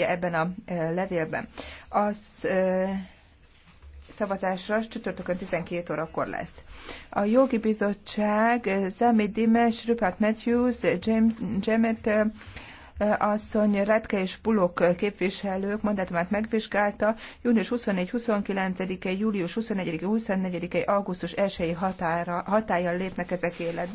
megfogalmazhatja ebben a levélben. Az szavazásra csütörtökön 12 órakor lesz. A jogi bizottság Zemi Dimes, Rupert Matthews, Jemet asszony, Retke és Bulok képviselők mandátumát megvizsgálta június 24-29-e, július 21-24-e, augusztus 1-i határa, hatállyal lépnek ezek életbe.